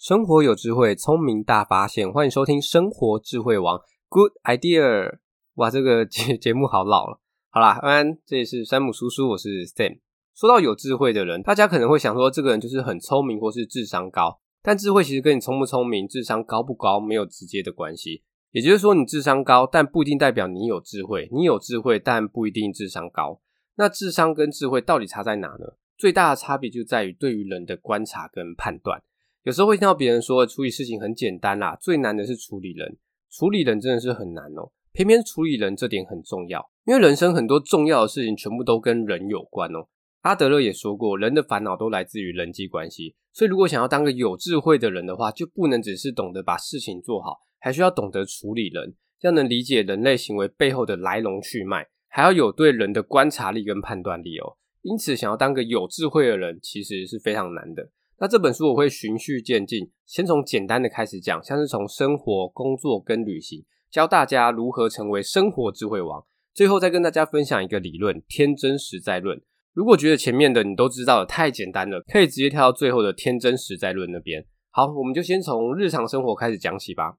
生活有智慧，聰明大發現。歡迎收聽《生活智慧王》。Good idea！哇，這個節節目好老了。好啦，安安，這裡是山姆叔叔，我是 Sam。說到有智慧的人，大家可能會想說，這個人就是很聰明或是智商高。但智慧其實跟你聰不聰明、智商高不高沒有直接的關係。也就是說，你智商高，但不一定代表你有智慧；你有智慧，但不一定智商高。那智商跟智慧到底差在哪呢？最大的差別就在於對於人的觀察跟判斷。有時候會聽到別人說，處理事情很簡單啦，最難的是處理人。處理人真的是很難哦，偏偏處理人這點很重要，因為人生很多重要的事情全部都跟人有關哦。阿德勒也說過，人的煩惱都來自於人際關係，所以如果想要當個有智慧的人的話，就不能只是懂得把事情做好，還需要懂得處理人，要能理解人類行為背後的來龍去脈，還要有對人的觀察力跟判斷力哦。因此，想要當個有智慧的人，其實是非常難的。那這本書我會循序漸進，先從簡單的開始講，像是從生活、工作跟旅行，教大家如何成為生活智慧王。最後再跟大家分享一個理論——天真實在論。如果覺得前面的你都知道的，太簡單了，可以直接跳到最後的天真實在論那邊。好，我們就先從日常生活開始講起吧。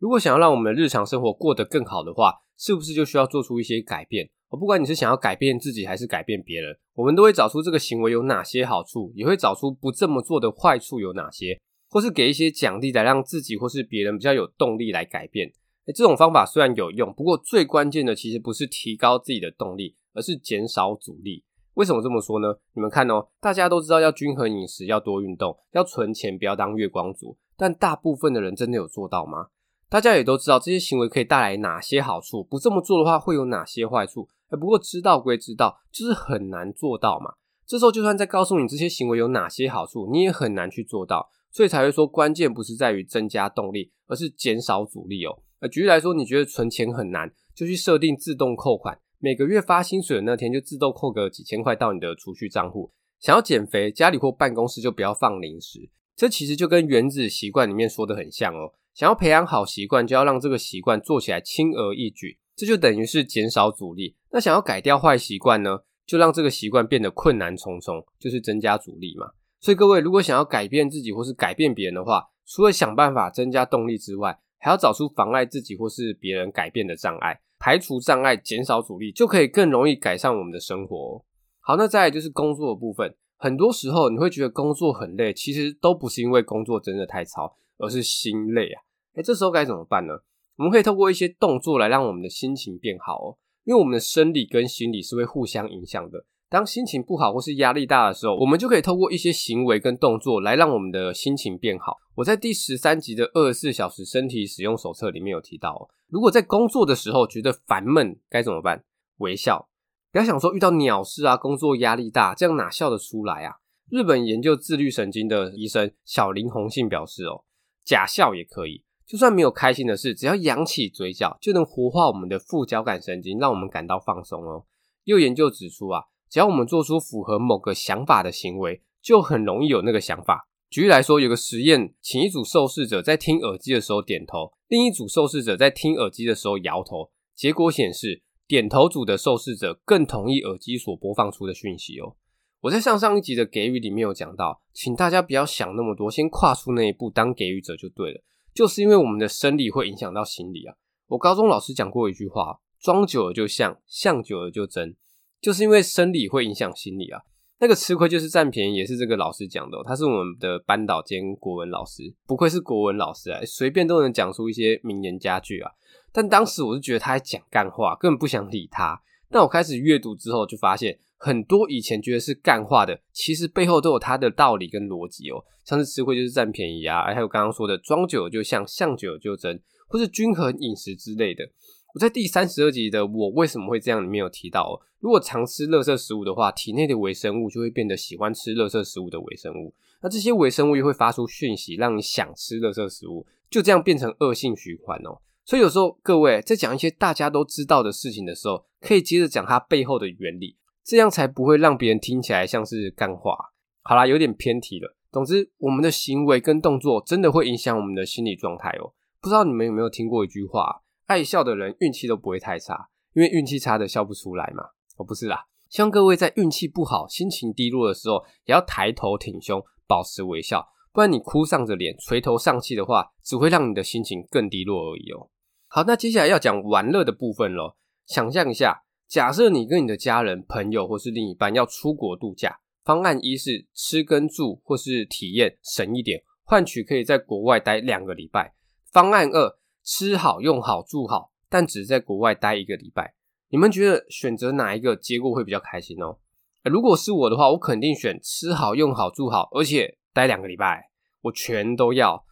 如果想要讓我們的日常生活過得更好的話，是不是就需要做出一些改變？我不管你是想要改變自己還是改變別人，我們都會找出這個行為有哪些好處，也會找出不這麼做的壞處有哪些，或是給一些獎勵來讓自己或是別人比較有動力來改變。那、欸、這種方法雖然有用，不過最關鍵的其實不是提高自己的動力，而是減少阻力。為什麼這麼說呢？你們看哦、喔，大家都知道要均衡飲食、要多運動、要存錢，不要當月光族，但大部分的人真的有做到嗎？大家也都知道這些行為可以帶來哪些好處，不這麼做的話會有哪些壞處，不過知道歸知道，就是很難做到嘛。這時候就算再告訴你這些行為有哪些好處，你也很難去做到，所以才會說關鍵不是在於增加動力，而是減少阻力哦。呃，舉例來說，你覺得存錢很難，就去設定自動扣款，每個月發薪水的那天就自動扣個幾千塊到你的儲蓄賬戶。想要減肥，家裡或辦公室就不要放零食。這其實就跟原子習慣裡面說的很像哦。想要培養好習慣，就要讓這個習慣做起來輕而易舉。這就等於是減少阻力。那想要改掉壞習慣呢，就讓這個習慣變得困難重重，就是增加阻力嘛。所以各位如果想要改變自己或是改變別人的話，除了想辦法增加動力之外，還要找出妨礙自己或是別人改變的障礙，排除障礙，減少阻力，就可以更容易改善我們的生活哦。好，那再來就是工作的部分。很多時候你會覺得工作很累，其實都不是因為工作真的太操，而是心累啊。誒，這時候該怎麼辦呢？我們可以透過一些動作來讓我們的心情變好，哦，因為我們的生理跟心理是會互相影響的。當心情不好或是壓力大的時候，我們就可以透過一些行為跟動作來讓我們的心情變好。我在第十三集的二十四小時身體使用手冊裡面有提到，哦，如果在工作的時候覺得煩悶該怎麼辦？微笑，不要想說遇到鳥事啊，工作壓力大，這樣哪笑得出來啊？日本研究自律神經的醫生小林弘信表示，哦，假笑也可以。就算沒有開心的事，只要揚起嘴角，就能活化我們的副交感神經，讓我們感到放鬆哦。又研究指出啊，只要我們做出符合某個想法的行為，就很容易有那個想法。舉例來說，有個實驗，請一組受試者在聽耳機的時候點頭，另一組受試者在聽耳機的時候搖頭。結果顯示，點頭組的受試者更同意耳機所播放出的訊息哦。我在上上一集的給予裡面有講到，請大家不要想那麼多，先跨出那一步，當給予者就對了。就是因為我們的生理會影響到心理啊！我高中老師講過一句話：裝久了就像，像久了就真。就是因為生理會影響心理啊！那個吃虧就是佔便宜，也是這個老師講的哦，他是我們的班導兼國文老師，不愧是國文老師啊，隨便都能講出一些名言佳句啊！但當時我就覺得他在講幹話，根本不想理他。但我開始閱讀之後，就發現很多以前覺得是幹話的，其實背後都有它的道理跟邏輯哦。像是吃虧就是占便宜啊，還有剛剛說的裝久就像，像久就真，或是均衡飲食之類的。我在第三十二集的《我為什麼會這樣》裡面有提到，喔，哦，如果常吃垃圾食物的話，體內的微生物就會變得喜歡吃垃圾食物的微生物，那這些微生物又會發出訊息，讓你想吃垃圾食物，就這樣變成惡性循環哦。所以有時候各位在講一些大家都知道的事情的時候，可以接着講它背後的原理，這樣才不會讓別人聽起來像是幹話啊。好啦，有點偏題了。總之，我們的行為跟動作真的會影響我們的心理狀態哦。不知道你們有沒有聽過一句話啊：愛笑的人運氣都不會太差，因為運氣差的笑不出來嘛。哦，不是啦，希望各位在運氣不好、心情低落的時候，也要抬頭挺胸，保持微笑。不然你哭喪着臉、垂頭喪氣的話，只會讓你的心情更低落而已喔。好，那接下來要講玩樂的部分咯。想象一下，假設你跟你的家人、朋友或是另一半要出國度假，方案一是吃跟住或是體驗省一點，換取可以在國外待兩個禮拜；方案二吃好、用好、住好，但只是在國外待一個禮拜。你們覺得選擇哪一個結果會比較開心哦？欸，如果是我的話，我肯定選吃好、用好、住好，而且待兩個禮拜，我全都要。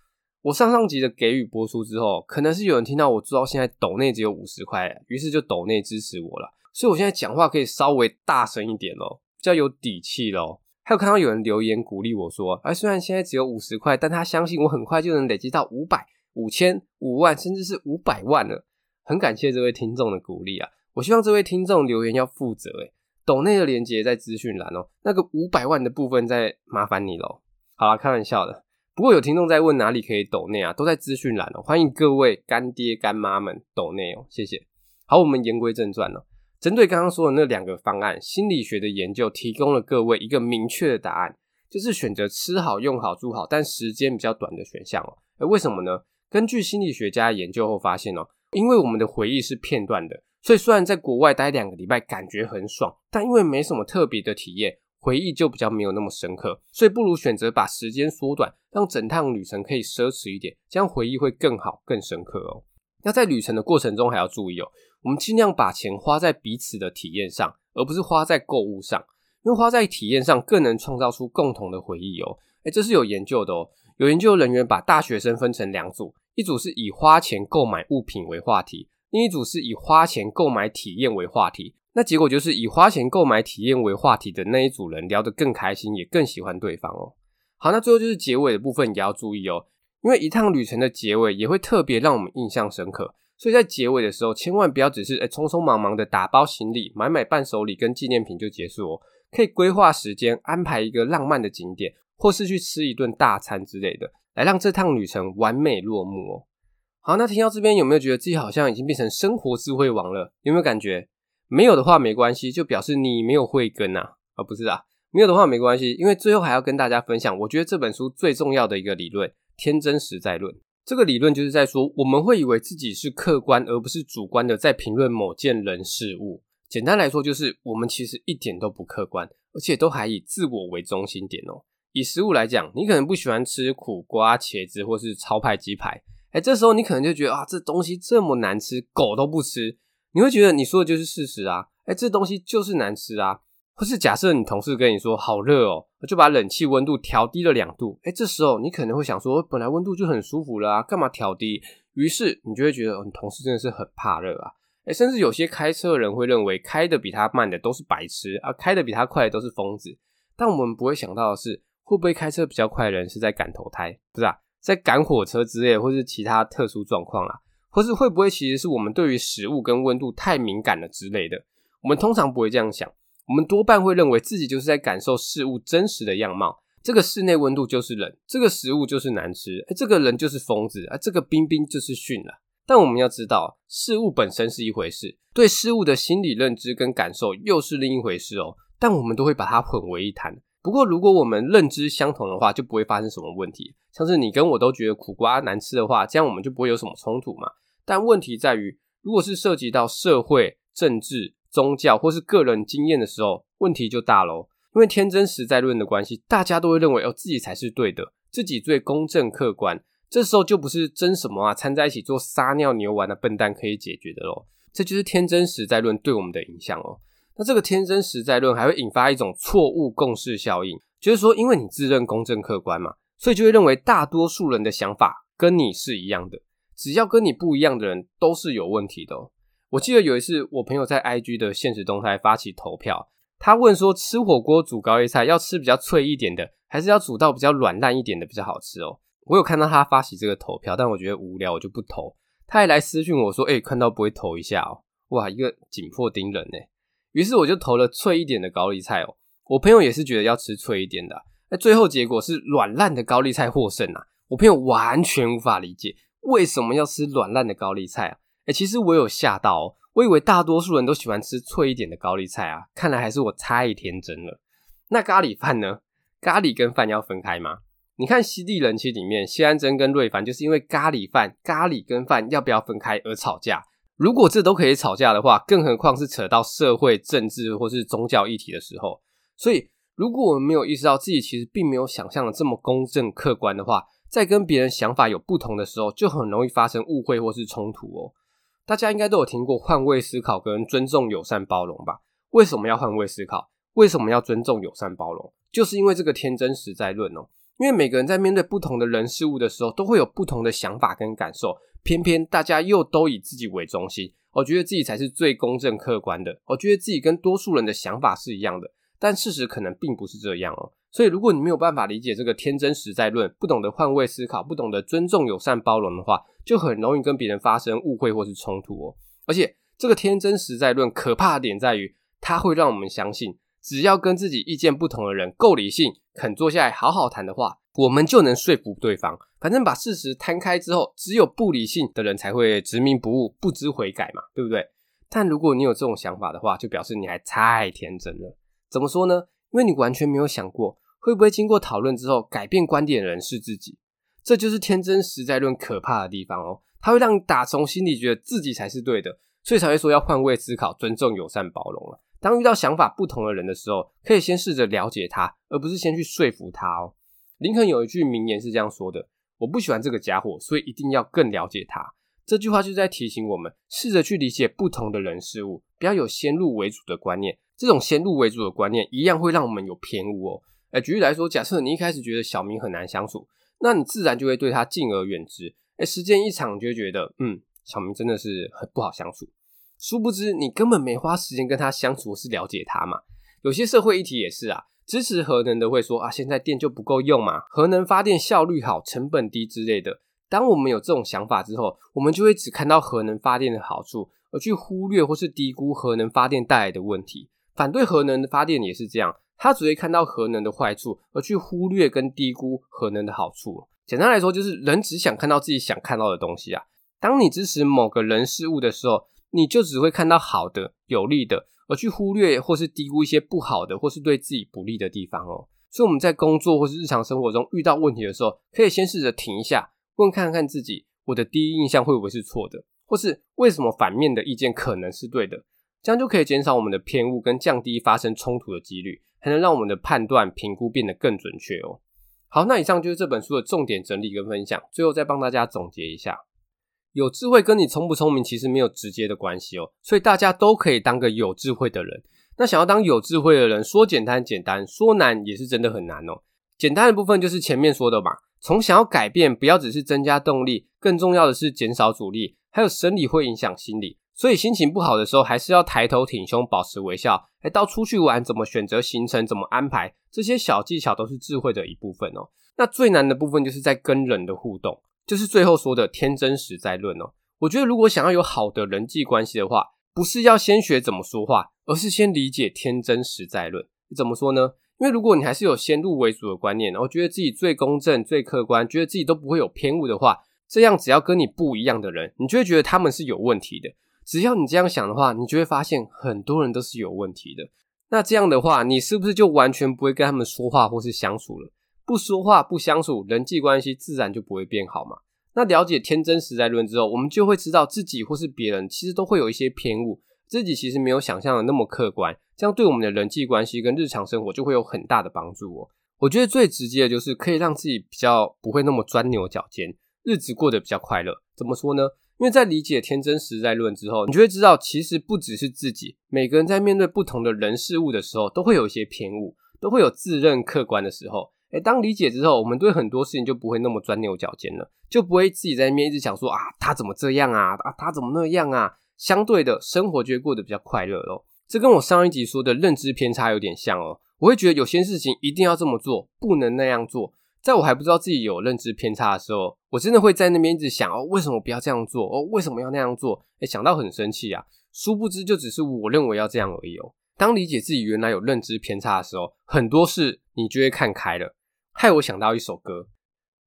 我上上集的給予播出之後，可能是有人聽到我，知道現在抖內只有五十塊，於是就抖內支持我了。所以，我現在講話可以稍微大聲一點咯，比較有底氣咯。還有看到有人留言鼓勵我說：“哎、啊，雖然現在只有五十塊，但他相信我很快就能累積到五百、五千、五萬，甚至是五百萬了。”很感謝這位聽眾的鼓勵啊！我希望這位聽眾留言要負責誒。抖內的連結在資訊欄哦。那個五百萬的部分再麻煩你咯。好了，開玩笑的。不過有聽眾在問哪裡可以抖內啊，都在資訊欄哦，歡迎各位乾爹乾媽們抖內哦，謝謝。好，我們言歸正傳了哦，針對剛剛說的那兩個方案，心理學的研究提供了各位一個明確的答案，就是選擇吃好、用好、住好，但時間比較短的選項哦。哎，為什麼呢？根據心理學家研究後發現哦，因為我們的回憶是片段的，所以雖然在國外待兩個禮拜感覺很爽，但因為沒什麼特別的體驗。回憶就比較沒有那麼深刻，所以不如選擇把時間縮短，讓整趟旅程可以奢侈一點，這樣回憶會更好、更深刻哦。那在旅程的過程中還要注意哦，我們盡量把錢花在彼此的體驗上，而不是花在購物上，因為花在體驗上更能創造出共同的回憶哦。誒，這是有研究的哦，有研究人員把大學生分成兩組，一組是以花錢購買物品為話題，另一組是以花錢購買體驗為話題。那結果就是以花錢購買體驗為話題的那一組人聊得更開心，也更喜歡對方哦。好，那最後就是結尾的部分，也要注意哦。因為一趟旅程的結尾也會特別讓我們印象深刻，所以在結尾的時候，千萬不要只是誒，匆匆忙忙的打包行李、買買伴手禮跟紀念品就結束哦。可以規劃時間，安排一個浪漫的景點，或是去吃一頓大餐之類的，來讓這趟旅程完美落幕哦。好，那聽到這邊有沒有覺得自己好像已經變成生活智慧王了？有沒有感覺？沒有的話沒關係，就表示你沒有慧根吶啊，啊不是啊，沒有的話沒關係，因為最後還要跟大家分享，我覺得這本書最重要的一個理論——天真實在論。這個理論就是在說，我們會以為自己是客觀而不是主觀的，在評論某件人事物。簡單來說，就是我們其實一點都不客觀，而且都還以自我為中心點哦、喔。以食物來講，你可能不喜歡吃苦瓜、茄子或是超派雞排，哎、欸，這時候你可能就覺得啊，這東西這麼難吃，狗都不吃。你會覺得你說的就是事實啊？誒這東西就是難吃啊！或是假設你同事跟你說好熱哦，就把冷氣溫度調低了兩度。誒這時候你可能會想說，哦，本來溫度就很舒服了啊，幹嘛調低？於是你就會覺得，哦，你同事真的是很怕熱啊！哎，甚至有些開車的人會認為開得比他慢的都是白痴啊，開得比他快的都是瘋子。但我們不會想到的是，會不會開車比較快的人是在趕投胎？不是啊，在趕火車之類，或是其他特殊狀況啊。或是會不會其實是我們對於食物跟溫度太敏感了之類的？我們通常不會這樣想，我們多半會認為自己就是在感受事物真實的樣貌。這個室內溫度就是冷，這個食物就是難吃，這個人就是瘋子啊，這個冰冰就是遜了。但我們要知道，事物本身是一回事，對事物的心理認知跟感受又是另一回事哦、喔。但我們都會把它混為一談。不過，如果我們認知相同的話，就不會發生什麼問題。像是你跟我都覺得苦瓜難吃的話，這樣我們就不會有什麼衝突嘛。但問題在於，如果是涉及到社會、政治、宗教或是個人經驗的時候，問題就大咯。因為天真實在論的關係，大家都會認為哦，自己才是對的，自己最公正客觀。這時候就不是爭什麼啊，摻在一起做撒尿牛丸的笨蛋可以解決的咯。這就是天真實在論對我們的影響哦。那這個天真實在論還會引發一種錯誤共識效應，就是說，因為你自認公正客觀嘛，所以就會認為大多數人的想法跟你是一樣的。只要跟你不一樣的人都是有問題的、喔。我記得有一次，我朋友在 IG 的限時動態發起投票，他問說，吃火鍋煮高麗菜，要吃比較脆一點的，還是要煮到比較軟爛一點的比較好吃哦、喔？我有看到他發起這個投票，但我覺得無聊，我就不投。他還來私訊我說，哎，看到不會投一下哦、喔，哇，一個緊迫盯人呢、欸。於是我就投了脆一點的高麗菜哦、喔，我朋友也是覺得要吃脆一點的，啊，那最後結果是軟爛的高麗菜獲勝啊，我朋友完全無法理解為什麼要吃軟爛的高麗菜啊、欸，其實我有嚇到、喔，我以為大多數人都喜歡吃脆一點的高麗菜啊，看來還是我太天真了。那咖喱飯呢？咖喱跟飯要分開嗎？你看《犀利人妻》裡面，謝安真跟瑞凡就是因為咖喱飯、咖喱跟飯要不要分開而吵架。如果這都可以吵架的話，更何況是扯到社會、政治或是宗教議題的時候。所以，如果我們沒有意識到自己其實並沒有想象的這麼公正、客觀的話，在跟別人想法有不同的時候，就很容易發生誤會或是衝突哦。大家應該都有聽過換位思考跟尊重、友善、包容吧？為什麼要換位思考？為什麼要尊重、友善、包容？就是因為這個天真實在論哦。因為每個人在面對不同的人事物的時候，都會有不同的想法跟感受。偏偏大家又都以自己為中心，我覺得自己才是最公正客觀的，我覺得自己跟多數人的想法是一樣的，但事實可能並不是這樣哦。所以如果你沒有辦法理解這個天真實在論，不懂得換位思考，不懂得尊重友善包容的話，就很容易跟別人發生誤會或是衝突哦。而且這個天真實在論可怕的點在於，它會讓我們相信。只要跟自己意見不同的人夠理性，肯坐下來好好談的話，我們就能說服對方。反正把事實攤開之後，只有不理性的人才會執迷不悟、不知悔改嘛，對不對？但如果你有這種想法的話，就表示你還太天真了。怎麼說呢？因為你完全沒有想過，會不會經過討論之後改變觀點的人是自己。這就是天真實在論可怕的地方哦，它會讓你打從心裡覺得自己才是對的，所以才會說要換位思考、尊重、友善、包容了、啊。當遇到想法不同的人的時候，可以先試着了解他，而不是先去說服他哦。林肯有一句名言是這樣說的：“我不喜歡這個家伙，所以一定要更了解他。”這句話就在提醒我們，試着去理解不同的人事物，不要有先入為主的觀念。這種先入為主的觀念一樣會讓我們有偏誤哦。哎，舉例來說，假設你一開始覺得小明很難相處，那你自然就會對他敬而遠之。哎，時間一長你就會覺得，嗯，小明真的是很不好相處。殊不知，你根本沒花時間跟他相處，是了解他嘛？有些社會議題也是啊，支持核能的會說啊，現在電就不夠用嘛，核能發電效率好，成本低之類的。當我們有這種想法之後，我們就會只看到核能發電的好處，而去忽略或是低估核能發電帶來的問題。反對核能的發電也是這樣，他只會看到核能的壞處，而去忽略跟低估核能的好處。簡單來說，就是人只想看到自己想看到的東西啊。當你支持某個人事物的時候，你就只會看到好的、有利的，而去忽略或是低估一些不好的或是對自己不利的地方哦。所以我們在工作或是日常生活中遇到問題的時候，可以先試着停一下，問看看自己，我的第一印象會不會是錯的，或是為什麼反面的意見可能是對的？這樣就可以減少我們的偏誤，跟降低發生衝突的幾率，還能讓我們的判斷評估變得更準確哦。好，那以上就是這本書的重點整理跟分享。最後再幫大家總結一下。有智慧跟你聰不聰明其實沒有直接的關係哦，所以大家都可以當個有智慧的人。那想要當有智慧的人，說簡單簡單，說難也是真的很難哦。簡單的部分就是前面說的嘛，從想要改變，不要只是增加動力，更重要的是減少阻力。還有生理會影響心理，所以心情不好的時候還是要抬頭挺胸，保持微笑。誒，到出去玩，怎麼選擇行程，怎麼安排，這些小技巧都是智慧的一部分哦。那最難的部分就是在跟人的互動。就是最後說的天真實在論哦，我覺得如果想要有好的人際關係的話，不是要先學怎麼說話，而是先理解天真實在論。怎麼說呢？因為如果你還是有先入為主的觀念，然後覺得自己最公正、最客觀，覺得自己都不會有偏誤的話，這樣只要跟你不一樣的人，你就會覺得他們是有問題的。只要你這樣想的話，你就會發現很多人都是有問題的。那這樣的話，你是不是就完全不會跟他們說話或是相處了？不說話，不相處，人際關係自然就不會變好嘛。那了解天真實在論之後，我們就會知道自己或是別人其實都會有一些偏誤，自己其實沒有想象的那麼客觀。這樣對我們的人際關係跟日常生活就會有很大的幫助哦。我覺得最直接的就是可以讓自己比較不會那麼鑽牛角尖，日子過得比較快樂。怎麼說呢？因為在理解天真實在論之後，你就會知道，其實不只是自己，每個人在面對不同的人事物的時候，都會有一些偏誤，都會有自認客觀的時候。哎，當理解之後，我們對很多事情就不會那麼鑽牛角尖了，就不會自己在那邊一直想說啊，他怎麼這樣啊，啊，他怎麼那樣啊？相對的，生活就會過得比較快樂咯。這跟我上一集說的認知偏差有點像哦。我會覺得有些事情一定要這麼做，不能那樣做。在我還不知道自己有認知偏差的時候，我真的會在那邊一直想，哦，為什麼不要這樣做？哦，為什麼要那樣做？哎，想到很生氣啊。殊不知，就只是我認為要這樣而已哦。當理解自己原來有認知偏差的時候，很多事你就會看開了。害我想到一首歌，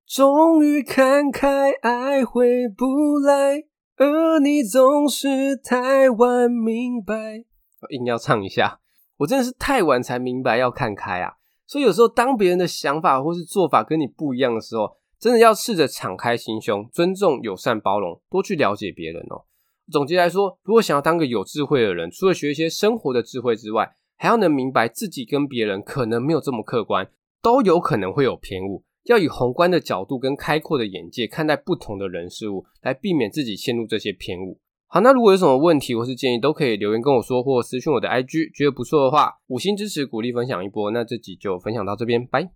終於看開，愛回不來，而你總是太晚明白。硬要唱一下，我真的是太晚才明白要看開啊！所以有時候當別人的想法或是做法跟你不一樣的時候，真的要試着敞開心胸，尊重、友善、包容，多去了解別人哦。總結來說，如果想要當個有智慧的人，除了學一些生活的智慧之外，還要能明白自己跟別人可能沒有這麼客觀。都有可能會有偏誤，要以宏觀的角度跟開闊的眼界看待不同的人事物，來避免自己陷入這些偏誤。好，那如果有什麼問題或是建議，都可以留言跟我說或私訊我的 IG。覺得不錯的話，五星支持，鼓勵分享一波。那這集就分享到這邊，拜。